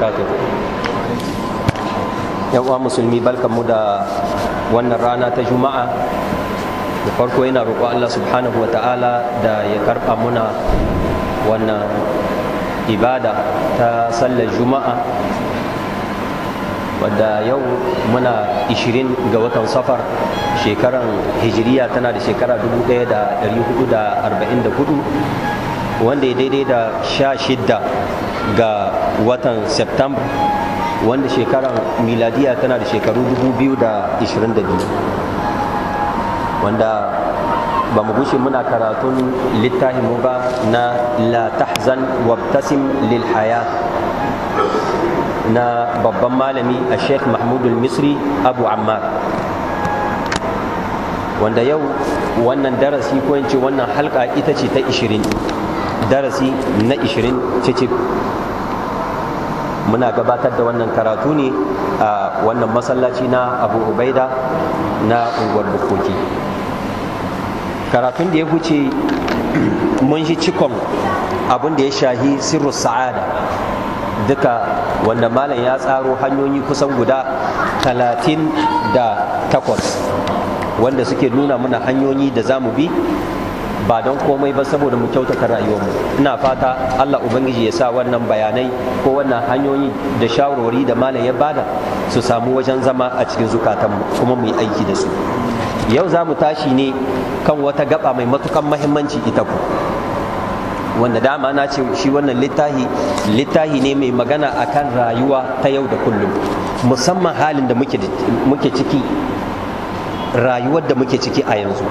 barakatuh yan musulmi mu da wannan rana ta juma'a da farko yana roƙo Allah subhanahu wa ta'ala da ya karɓa muna wannan ibada ta sallar juma'a wadda yau muna 20 ga watan safar shekaran hijiriya tana da shekara 1444 wanda ya daidai da sha shidda ga watan september wanda shekarar miladiya tana da shekaru 2022 wanda ba mu gushe muna karatun littafin mu ba na la tahzan wabtasim lil haya na babban malami a sheikh mahmudul misri abu ammar wanda yau wannan darasi ko yance wannan halka ita ce ta 20 darasi na 20 cicip muna gabatar da wannan karatu ne a wannan masallaci na abu ubaida na unguwar bukoki karatun da ya wuce mun shi cikon abin da ya shahi sirru sa'ada duka wanda malam ya tsaro hanyoyi kusan guda talatin da takwas wanda suke nuna mana hanyoyi da za mu bi ba don komai ba saboda mu kyautata rayuwarmu ina fata Allah ubangiji ya sa wannan bayanai ko wannan hanyoyi da shawarwari da malam ya bada su samu wajen zama a cikin zukatanmu kuma mu yi aiki da su yau za mu tashi ne kan wata gaba mai matukan mahimmanci ita ku wanda dama na ce shi wannan littahi littahi ne mai magana akan rayuwa ta yau da kullum musamman halin da muke ciki rayuwar da muke ciki a yanzu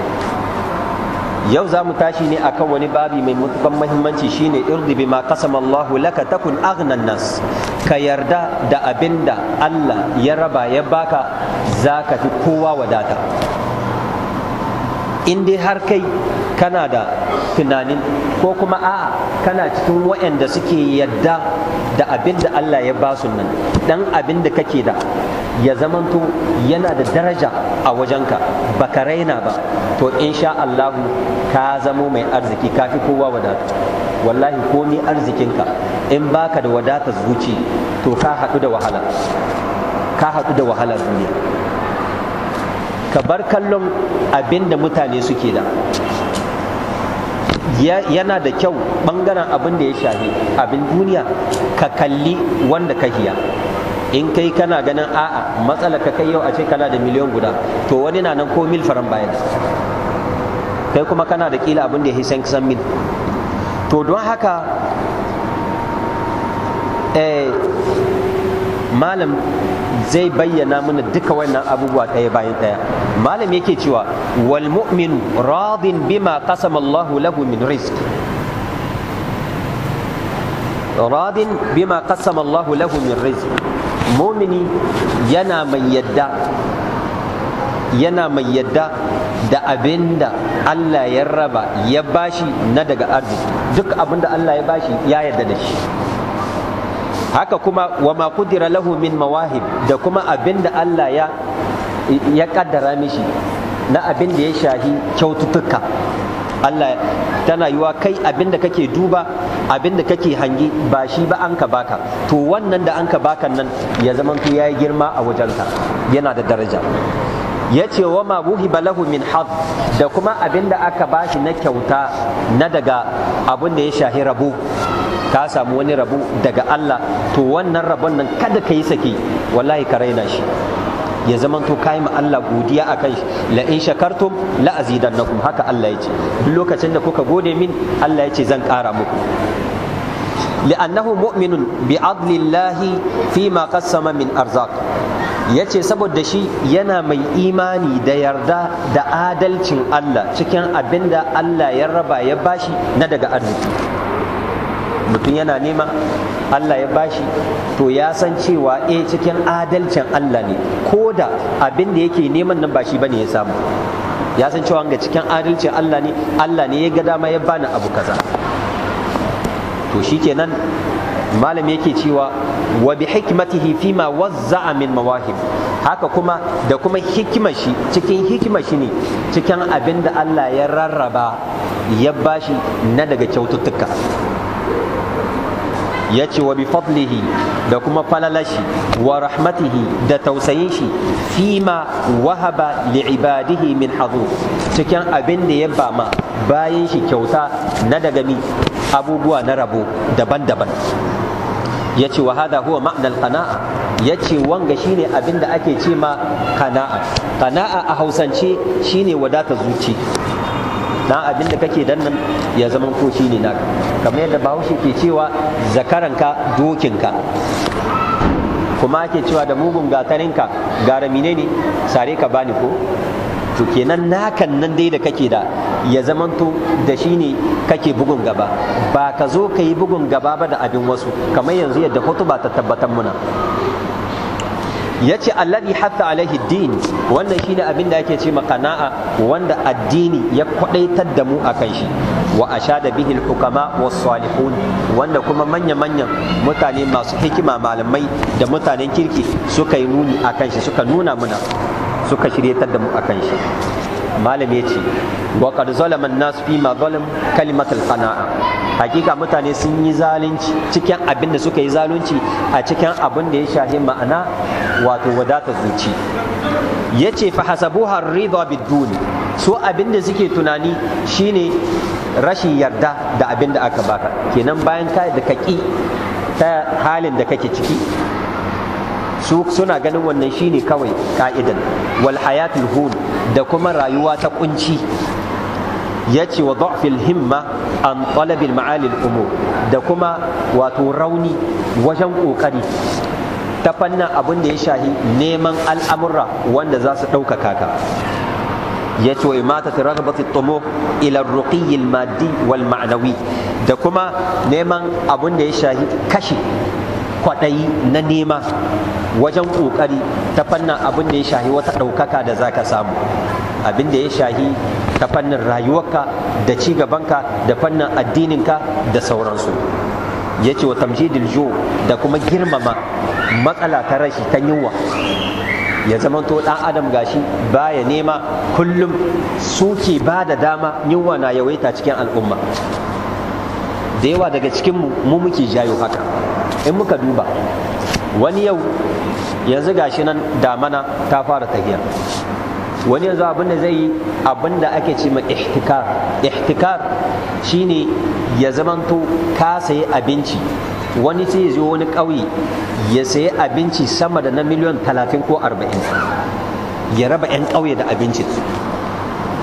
yau za mu tashi ne akan wani babi mai mutuban mahimmanci shine irdi bima qasama Allahu laka takun aghnan nas ka yarda da abinda Allah ya raba ya baka zaka fi kowa wadata in dai har kai kana da tunanin ko kuma a'a kana cikin waɗanda suke yadda da abinda Allah ya basu nan dan abinda kake da ya zamanto yana da daraja a wajenka ka raina ba to in sha Allahu ka zamo mai arziki ka fi kowa wadata wallahi komi arzikinka in baka da wadatar zuci to ka haɗu da wahala ka haɗu da wahala duniya ka bar kallon abin da mutane suke da yana da kyau ɓangaren abin da ya shafi abin duniya ka kalli wanda ka hiya in kai kana ganin a'a matsala ka kai yau a ce kana da miliyan guda to wani na nan ko mil faran bayan kai kuma kana da kila abin da ya san kusan mil to don haka eh, malam zai bayyana mana duka wannan abubuwa ɗaya bayan ɗaya malam yake cewa wal mu'minu radin bima qasama Allahu lahu min rizq radin bima qasama Allahu lahu min rizq mumini yana mai yadda yana mai yadda da abin da Allah ya raba ya bashi na daga arziki duk abin da Allah ya bashi ya yadda da shi haka kuma wa ma kudira lahu min mawahib da kuma abin da Allah ya ya kaddara mishi na abin da ya shahi kyaututtuka Allah tana yiwa kai abinda kake duba abinda kake hangi ba shi ba an ka baka to wannan da an ka baka nan ya to yayi girma a wajenka yana da daraja ya ce wa ma buhi balahu min da kuma abinda aka bashi na kyauta na daga abun da ya shahi rabu ka samu wani rabu daga Allah to wannan rabon nan kada ka yi saki wallahi ka raina shi ya zamanto kai ma Allah godiya akan shi la in shakartum la azidannakum haka Allah ya ce duk lokacin da kuka gode min Allah ya ce zan ƙara muku لأنه مؤمن بعدل fi ma قسم min arzaq yace saboda shi yana mai imani da yarda da adalcin Allah cikin abinda Allah ya raba ya bashi na daga arziki mutum yana nema Allah ya bashi to ya san cewa eh cikin adalcin Allah ne ko da abin da yake neman nan ba shi bane ya samu ya san cewa ga cikin adalcin Allah ne Allah ne ya ga dama ya bani abu kaza to shikenan malam yake cewa wa bi hikmatihi ma wazza'a min mawahib haka kuma da kuma hikimar shi cikin hikimar shi ne cikin abin da Allah ya rarraba ya bashi na daga kyaututtuka ya ce wa bi fadlihi da kuma falalashi wa rahmatihi da tausayin shi fi ma wahaba li ibadihi min hazu cikin abin da ya ba ma bayan shi kyauta na daga mi abubuwa na rabo daban-daban ya ce wa hada huwa ma'anar qana'a ya ce wanga shine abin da ake ce ma kana'a kana'a a hausance shine wadata zuci na abin da kake dan nan ya zama ko shi ne naka kamar yadda bahaushe ke cewa zakaranka dokinka kuma ake cewa da mugun gatarinka gara mine ne sare ka bani ko to kenan nakan nan dai da kake da ya zamanto da shi ne kake bugun gaba ba ka zo ka yi bugun gaba ba da abin wasu kamar yanzu yadda ba ta tabbatar muna Ya yace alladhi hatta alaihi din wannan shine abin da ake ce qana'a wanda addini ya kwadaitar da mu akan shi wa ashada bihi al-hukama was-salihun wanda kuma manya-manyan mutane masu hikima malamai da mutanen kirki suka yi nuni akan shi suka nuna muna suka shiryatar da mu akan shi malam ya ce wa qad zalama an-nas fi ma zalam kalimat qanaa hakika mutane sun yi zalunci cikin abin da suka yi zalunci a cikin abin da ya shafi ma'ana wato wadatar zuci ya ce fa hasabuha ridha biduni so abin da suke tunani shine rashin yarda da abin da aka baka kenan bayan ka da kaki ta halin da kake ciki su suna ganin wannan shine kawai ka'idan wal hayatul hun da kuma rayuwa ta kunci ya ce wa dhafil himma an talabil ma'alil umur da kuma wato rauni wajen ƙoƙari ta fannin abin da ya shahi neman al'amurra wanda za su ɗaukaka ka ya ce wa imata ta ragabata tumo ila ruqiyil maddi wal ma'anawi da kuma neman abin da ya shahi kashi kwaɗayi na nema wajen ƙoƙari ta fannin abin da ya shahi wata ɗaukaka da za ka samu abin da ya shahi ta fannin rayuwarka da ci gabanka da fannin addininka da sauransu ya ce wa tamjidil jo da kuma girmama matsala ta rashi ta yunwa ya zamanto dan adam gashi baya nema kullum suke ba da dama yunwa na yawaita cikin al'umma da yawa daga cikin mu muke jayo haka in muka duba wani yau yanzu gashi nan damana ta fara tafiya wani yanzu abin da zai yi abin da ake ce ma ihtikar ihtikar shine ya zamanto ka sayi abinci wani sai ya zo wani ƙauye ya sayi abinci sama da na miliyan talatin ko arba'in ya raba 'yan ƙauye da abincin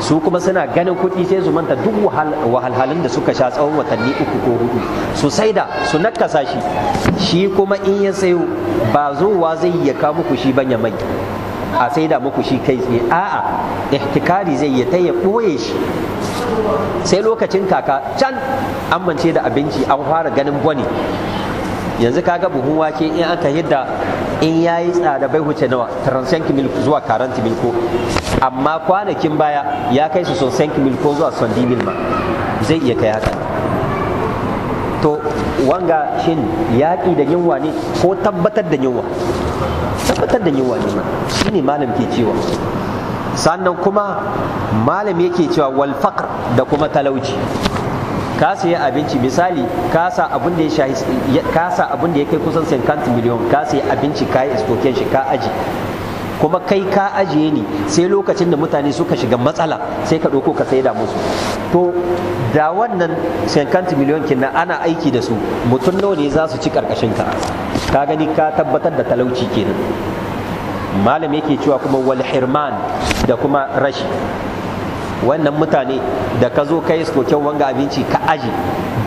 su kuma suna ganin kuɗi sai su manta duk wahalhalun da suka sha tsawon watanni uku ko hudu su da, su nakasa shi shi kuma in ya sayo ba zuwa zai ya kawo muku shi ban ya mai a sai da muku shi kai tsaye a'a ihtikari zai yi ta ya ɓoye shi sai lokacin kaka can an mance da abinci an fara ganin gwani. yanzu kaga buhun wake in aka hidda in ya yi tsada bai huce nawa transenki mil zuwa karanti mil amma kwanakin baya ya kai su son senki mil ko zuwa son mil ma zai iya kai haka to wanga shin yaƙi da yunwa ne ko tabbatar da yunwa tabbatar da yunwa ne shi ne malam ke cewa sannan kuma malam yake cewa wal da kuma talauci ka sayi abinci misali ka sa abin da ya kai kusan 50 miliyon ka sayi abinci ka yi istoken shi ka aji kuma kai ka ajiye ni sai lokacin da mutane suka shiga matsala sai ka ɗauko ka saida musu to da wannan 50 miliyon kin ana aiki da su mutum nawa ne za su ci karkashin ka ka gani ka tabbatar da talauci kenan malam yake cewa kuma wal hirman da kuma rashi wannan mutane da ka zo kai yi wanga abinci ka aji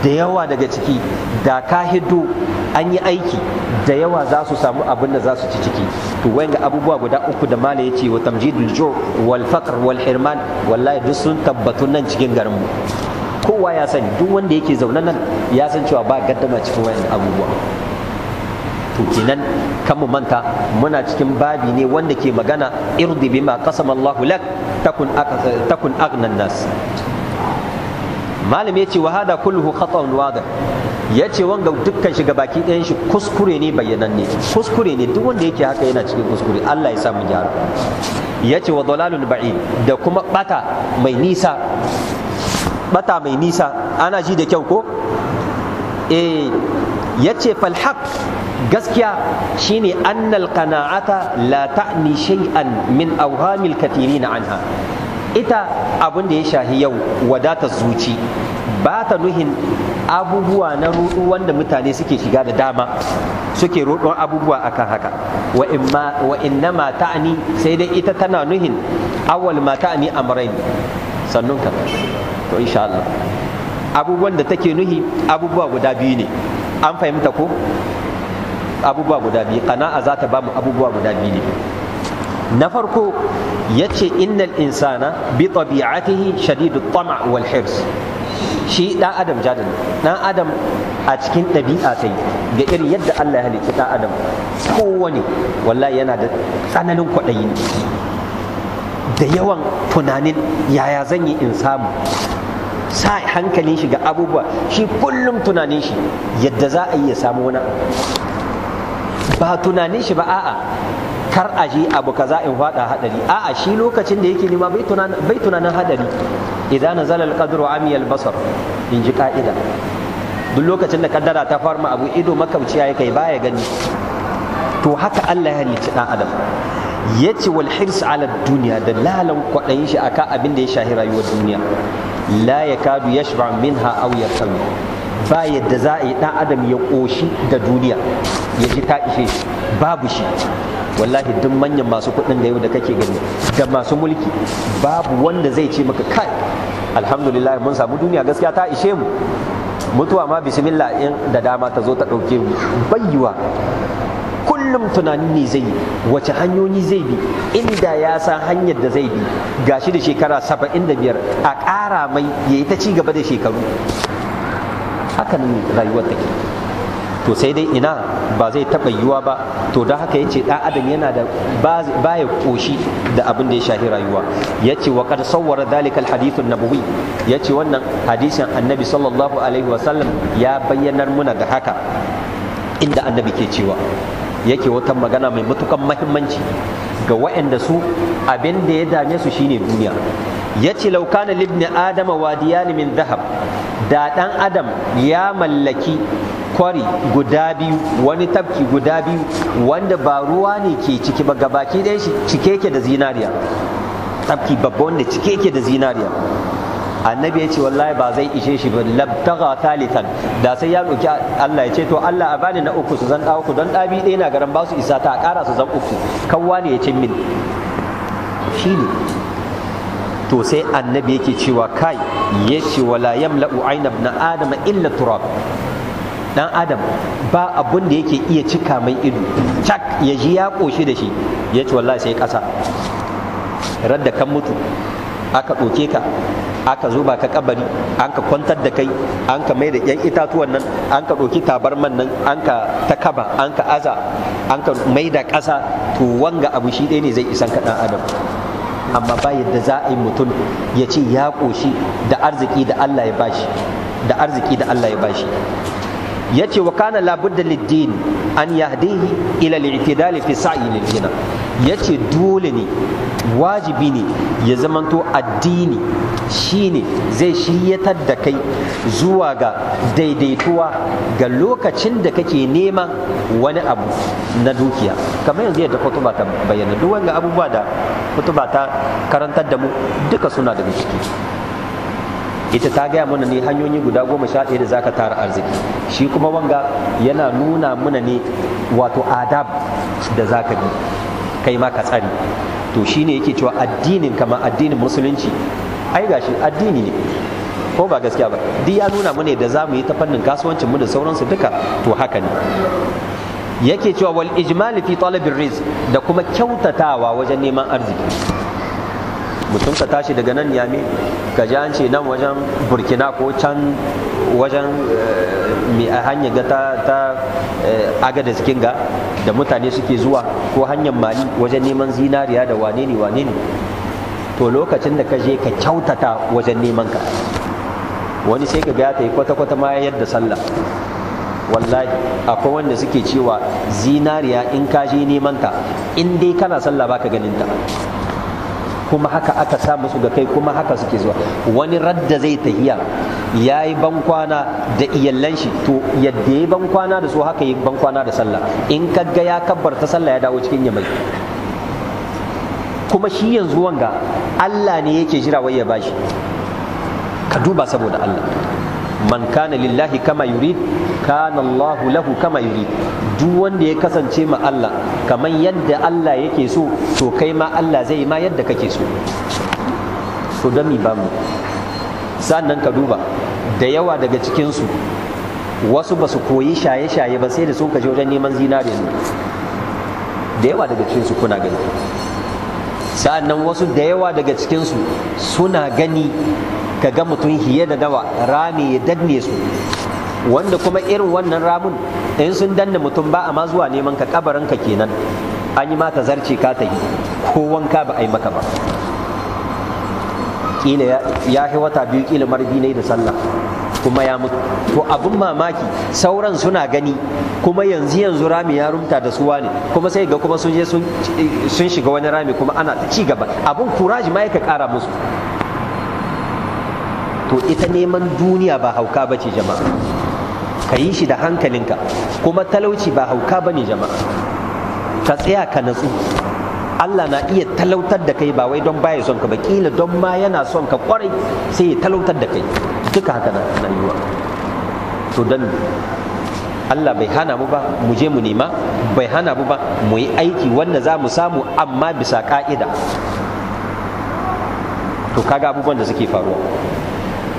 da yawa daga ciki da ka hiddo an yi aiki da yawa za su samu abin da za su ci ciki to wayan ga abubuwa guda uku da malam ya wa tamjidul jo wal faqr wal hirman wallahi duk sun tabbatu nan cikin garin mu kowa ya sani duk wanda yake zaune nan ya san cewa ba gaddama cikin wayan abubuwa to kenan kan mu manta muna cikin babi ne wanda ke magana irdi bima qasama Allahu lak takun takun ya nas malam yace wa hada kulluhu khata'un wadih yace wanga dukkan shi baki ɗayan shi kuskure ne kuskure ne duk wanda yake haka yana cikin kuskure Allah ya sa mu gyara yace wa dalalul ba'id da kuma bata mai nisa bata mai nisa ana ji da kyau ko eh yace fal haqq gaskiya shine annal qana'ata la ta'ni shay'an min awhamil kathirin anha ita abin da ya shahi yau wadatar zuci ba ta nuhin abubuwa na rudu wanda mutane suke shiga da dama suke rudon abubuwa akan haka wa inna ma ta'ani sai dai ita tana nuhin awwal ma ta'ani amrayn sannun ka to insha Allah abubuwan da take nuhi abubuwa guda biyu ne an fahimta ko abubuwa guda biyu kana'a za ta ba mu abubuwa guda biyu ne na farko ya ce innal insana bi tabi'atihi shadidu tama' wal hirs shi ɗan adam jadal ɗan adam a cikin ɗabi'a sai ga irin yadda Allah ya halitta ɗan adam kowane wallahi yana da tsananin kwaɗayi da yawan tunanin yaya zan yi in samu sa hankalin shi ga abubuwa shi kullum tunanin shi yadda za a yi ya samu wani ba tunanin shi ba a'a kar a ji abu kaza in fada hadari a'a shi lokacin da yake nema bai tunanin hadari idan nazala alqadru amiyal basar in ji ka'ida duk lokacin da kaddara ta farma abu ido makauciya ya kai baya gani to haka Allah ya halicci dan adam ya ce wal hirs ala duniya da lalan kwaɗayin shi akan abin da ya shahi rayuwar duniya la yakadu yashba minha aw yartawi ba yadda za a yi ɗan adam ya ƙoshi da duniya ya ji ta ishe shi babu shi wallahi duk manyan masu kuɗin da yau da kake gani da masu mulki babu wanda zai ce maka kai alhamdulillah mun samu duniya gaskiya ta ishe mu mutuwa ma bismillah in da dama ta zo ta ɗauke mu bayyuwa kullum tunani ne zai yi wace hanyoyi zai bi inda ya san hanyar da zai bi gashi da shekara saba'in da biyar a ƙara mai ya yi ta ci gaba da shekaru hakan rayuwar take to sai dai ina ba zai taba yiwuwa ba to don haka ya ce ɗan adam yana da baya ƙoshi da abin da ya shahi rayuwa ya ce wa kad sawwara dalikal hadithun nabawi ya ce wannan hadisin annabi sallallahu alaihi wasallam ya bayyanar muna da haka inda annabi ke cewa yake wata magana mai matukan mahimmanci ga waɗanda su abin da ya dame su shine duniya ya ce laukana libni adama wadiyani min zahab da ɗan adam ya mallaki kwari guda biyu wani tafki guda biyu wanda ba ruwa ne ke ciki ba gabaki ɗaya shi cike ke da zinariya tafki babba wanda cike ke da zinariya annabi ya ce wallahi ba zai ishe shi ba labtaga talitan da sai ya roki Allah ya ce to Allah a bani na uku su zan dawo ku don ɗabi ɗaya na garan ba su isa ta ƙara su zan uku kawwa ne ya ce min shi ne to sai annabi yake cewa kai yace wala yamla'u aina na adam illa turab dan adam ba abun da yake iya cika mai ido cak ya ji ya koshi da shi yace wallahi sai kasa radda kan mutu aka ɗauke ka aka zuba ka kabari an ka kwantar da kai an ka mai da yan itatuwan nan an ka ɗauki tabarman nan an ka takaba, an ka aza an ka mai da ƙasa to wanga abu shi ɗaya ne zai isan ka ɗan adam amma ba yadda za a yi mutum ya ce ya ƙoshi da arziki da Allah ya bashi da arziki da Allah ya bashi ya ce wa kana labudda liddin an yahdihi ila al-i'tidal fi sa'i lil ya ce dole ne wajibi ne ya zamanto addini shi ne zai shiryatar da kai zuwa ga daidaituwa ga lokacin da kake nema wani abu na dukiya kamar yanzu yadda kutuba ta bayyana duk abubuwa da hutuba ta karantar da mu duka suna da ciki ita ta gaya mana ne hanyoyi guda goma sha ɗaya da za ka tara arziki shi kuma wanga yana nuna mana ne wato adab da za ka bi kai ma ka tsari to shi ne yake cewa addinin kama addinin musulunci ai gashi addini ne ko ba gaskiya ba duk ya nuna mana da za mu yi ta fannin kasuwancin mu da sauransu duka to haka ne yake cewa wal ijmali fi talabir rizq da kuma kyautatawa wajen neman arziki mutum ka tashi daga nan yami ka ji an ce nan wajen burkina ko can wajen eh, mai a hanyar ga ta cikin eh, ga da mutane suke zuwa ko hanyar mali wajen neman zinariya da wane ne wane ne to lokacin da ka je ka kyautata wajen neman ka wani sai ka ga ta yi kwata-kwata ma yadda sallah wallahi akwai wanda suke cewa zinariya in ka je neman ta in dai kana sallah baka ganin ta kuma haka aka sa musu ga kai kuma haka suke zuwa wani radda zai tahiya ya yi bankwana da iyallan shi to yadda ya yi bankwana da su haka yi bankwana da sallah in kaga ya kabbarta sallah ya dawo cikin yamai kuma shi yanzu wanga Allah ne yake jira wai ya bashi ka duba saboda Allah man kana lillahi kama yurid kana Allahu lahu kama yurid duk wanda ya kasance ma Allah kamar yadda Allah yake so to kai ma Allah zai ma yadda kake so to don mi ba mu sannan ka duba da yawa daga cikinsu wasu ba su koyi shaye-shaye ba sai da su ka je wajen neman zinare da yawa daga cikin su kuna gani sa'annan wasu da yawa daga cikinsu suna gani ka ga mutum hiye da dawa rami ya danne su wanda kuma irin wannan ramun in sun danne mutum ba a ma zuwa neman ka kabarin ka kenan an yi mata zarce ka ta yi ko wanka ba a yi maka ba kila ya fi wata biyu kila marbi ne da sallah kuma ya mutu to abin mamaki sauran suna gani kuma yanzu yanzu rami ya rumta da suwa ne kuma sai ga kuma sun je sun shiga wani rami kuma ana ta ci gaba abin kuraji ma yake kara musu to ita neman duniya ba hauka ba ce jama'a ka yi shi da hankalinka kuma talauci ba hauka ba ne jama'a ka tsaya ka natsu Allah na iya talautar da kai ba wai don baya son ka ba kila don ma yana son ka kwarai sai ya talautar da kai duka haka na yiwa to dan Allah bai hana mu ba mu je mu nema bai hana mu ba mu yi aiki wanda za mu samu amma bisa ka'ida to kaga abubuwan da suke faruwa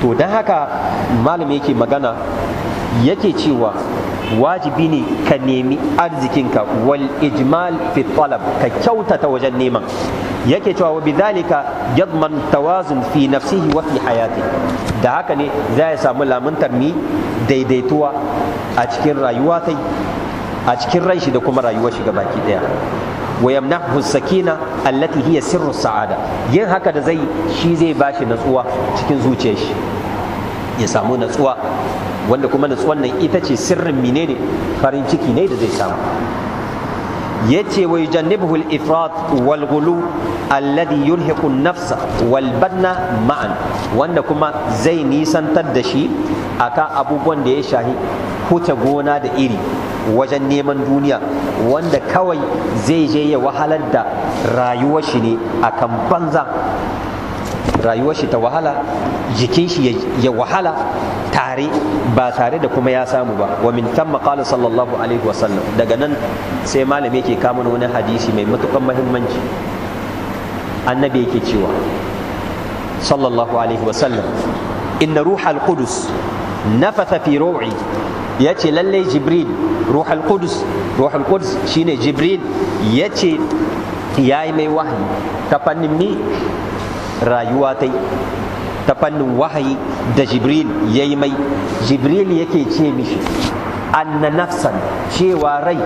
to don haka malami yake magana yake cewa wajibi ne ka nemi arzikinka wal ijmal fi talab ka kyautata wajen neman yake cewa wa bidhalika yadman tawazun fi nafsihi wa fi hayati da haka ne za ya samu lamuntar ni daidaituwa a cikin rayuwa ta a cikin ran shi da kuma rayuwar shi baki daya wa yamnahu sakina allati hiya sirru sa'ada yin haka da zai shi zai bashi natsuwa cikin zuciyar shi ya samu natsuwa wanda kuma natsuwan nan ita ce sirrin mine ne farin ciki ne da zai samu yace wa yujannibuhu al-ifrat wal ghulu alladhi yulhiqu an-nafsa wal banna ma'an wanda kuma zai nisantar da shi akan abubuwan da ya shahi huta gona da iri wajen neman duniya wanda kawai zai je ya wahalar da rayuwar shi ne akan banza rayuwar shi ta wahala jikin shi ya wahala tare ba tare da kuma ya samu ba wa min tamma qala sallallahu alaihi wa sallam daga nan sai malami yake kama wani hadisi mai matukar muhimmanci annabi yake cewa sallallahu alaihi wa sallam inna ruhal qudus nafatha fi ru'i yace lallai jibril ruhal qudus ruhal qudus shine jibril yace yayi mai wahayi ta fannin mi rayuwa ta yi ta fannin wahayi da jibril ya yi mai jibril yake ce mishi anna nafsan cewa rai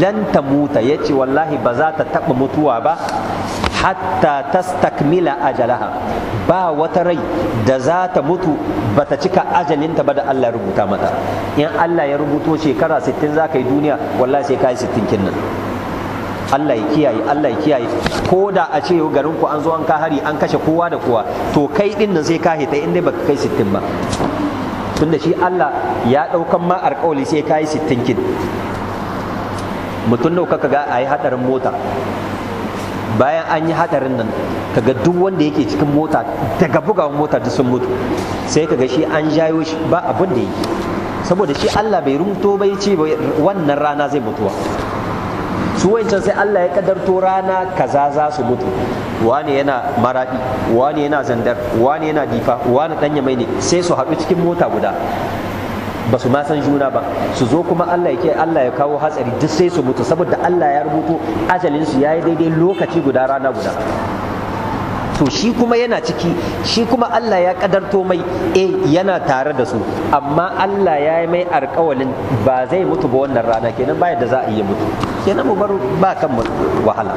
lanta ta muta ya ce wallahi ba za ta taɓa mutuwa ba hatta ta stakmila ajalaha ba wata rai da za ta mutu ba ta cika ajalinta ba da Allah rubuta mata in Allah ya rubuto shekara 60 za ka yi duniya wallahi sai ka yi 60 kinnan Allah ya kiyaye Allah ya kiyaye ko da a ce garin ku an zo an ka hari an kashe kowa da kowa to kai din nan sai ka hita in dai baka kai sittin ba tunda shi Allah ya daukan ma alƙawali sai ka yi sittin kin mutum nau kaga ga a yi hadarin mota bayan an yi hadarin nan kaga duk wanda yake cikin mota daga bugawan mota duk sun mutu sai kaga shi an jayo shi ba abin da yake saboda shi Allah bai rumto bai ce wannan rana zai mutuwa su wancan sai Allah ya kadarto rana kaza za su mutu wani yana maradi wani yana zandar wani yana difa wani dan mai ne sai su haɗu cikin mota guda ba su ma san juna ba su zo kuma Allah ya ke Allah ya kawo hatsari duk sai su mutu saboda Allah ya rubuto ajalinsu ya yi daidai lokaci guda rana guda to shi kuma yana ciki shi kuma Allah ya kadarto mai eh yana tare da su amma Allah ya yi mai alkawalin ba zai mutu ba wannan rana kenan ba yadda za a iya mutu kenan mu bar ba kan wahala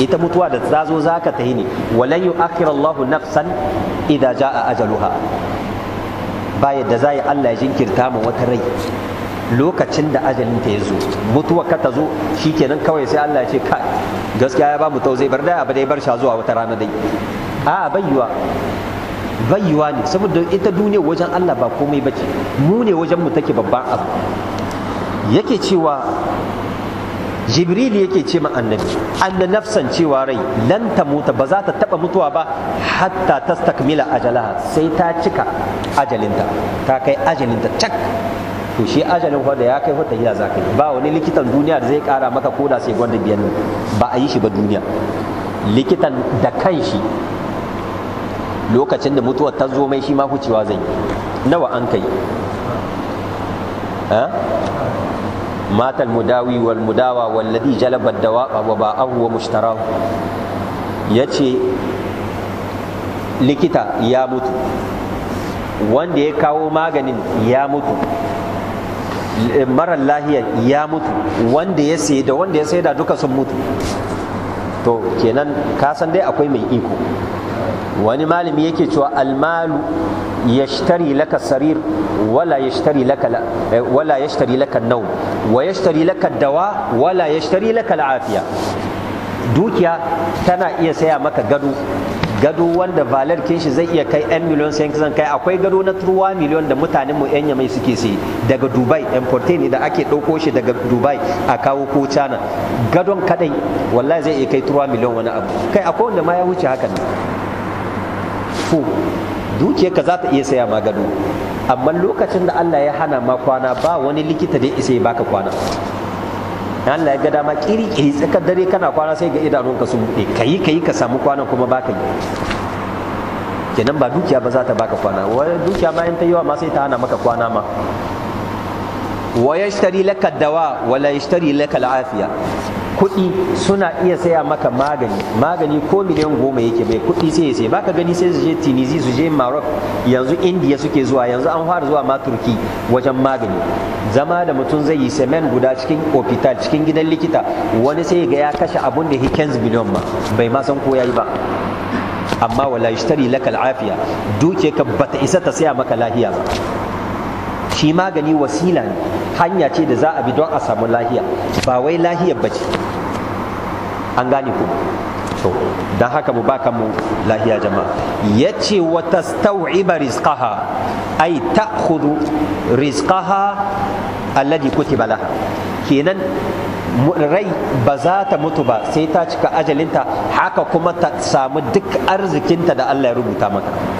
ita mutuwa da ta zo za ka ta yi ne walan yu'akhir allahu nafsan idza jaa ajaluha ba yadda za yi Allah ya jinkirta mu wata rai lokacin da ajalin ta zo mutuwa ka ta zo shikenan kawai sai Allah ya ce kai gaskiya ya ba mu tauzai bar da abu dai bar sha zuwa wata rana dai a bayyuwa bayyuwa ne saboda ita duniya wajen Allah ba komai bace mu ne wajen mu take babban abu yake cewa jibril yake ce ma annabi anna nafsan cewa rai lan ta muta ba za ta taba mutuwa ba hatta tastakmila ajalaha sai ta cika ajalinta ta kai ajalinta cak to shi ajalin wanda ya kai wata gida za ka yi ba wani likitan duniya da zai kara maka koda sai gwanda biyan nan ba a yi shi ba duniya likitan da kan shi lokacin da mutuwar ta zo mai shi ma hucewa zai yi nawa an kai مات المداوي والمداوى والذي جلب الدواء وباءه Ya yace likita ya mutu wanda ya kawo maganin ya mutu Eh, mara lahiyar ya mutu wanda ya sai da wanda ya sai da duka sun mutu to kenan ka san dai akwai mai iko wani malami yake cewa almalu yashtari laka sarir wala yashtari laka eh, wala yashtari laka nau wa yashtari laka dawa wala yashtari laka al'afiya dukiya tana iya saya maka gado gado wanda valar kinshi zai iya kai 'yan miliyon sayan kisan kai akwai gado na turuwa miliyon da mutanen mu 'yan yamai suke sayi daga dubai importe ne da ake ɗauko shi daga dubai a kawo ko cana gadon kadai wallahi zai iya kai turuwa miliyon wani abu kai akwai wanda ma ya wuce hakan to ka za ta iya saya ma gado amma lokacin da allah ya hana ma kwana ba wani likita da ya isa ya baka kwana Allah ya ga dama kiri kiri tsakar dare kana kwana sai ga idanun ka su buɗe kayi kayi ka samu kwanan kuma baka yi kenan ba dukiya ba za ta baka kwana wani dukiya ma in ta yawa ma sai ta hana maka kwana ma wa yashtari laka dawa wala yashtari laka al'afiya kuɗi suna iya saya maka magani magani ko miliyan goma yake bai kuɗi sai ya sai baka gani sai su je tunisi su je maroc yanzu indiya suke zuwa yanzu an fara zuwa ma turki wajen magani zama da mutum zai yi semen guda cikin opital cikin gidan likita wani sai ga ya kashe abun da hikens biliyon ma bai ma san ko ya yi ba amma wala yashtari laka al'afiya duke ka bata isa ta saya maka lafiya ba shi magani wasila ne hanya ce da za a bi don a samu lahiya ba wai lahiyar ba ce an gane ku to don haka mu baka mu lahiya jama'a ya ce wa tastawiba rizqaha ta hudu rizqaha alladhi kutiba laha kenan rai ba za ta mutu ba sai ta cika ajalinta haka kuma ta samu duk arzikinta da Allah ya rubuta maka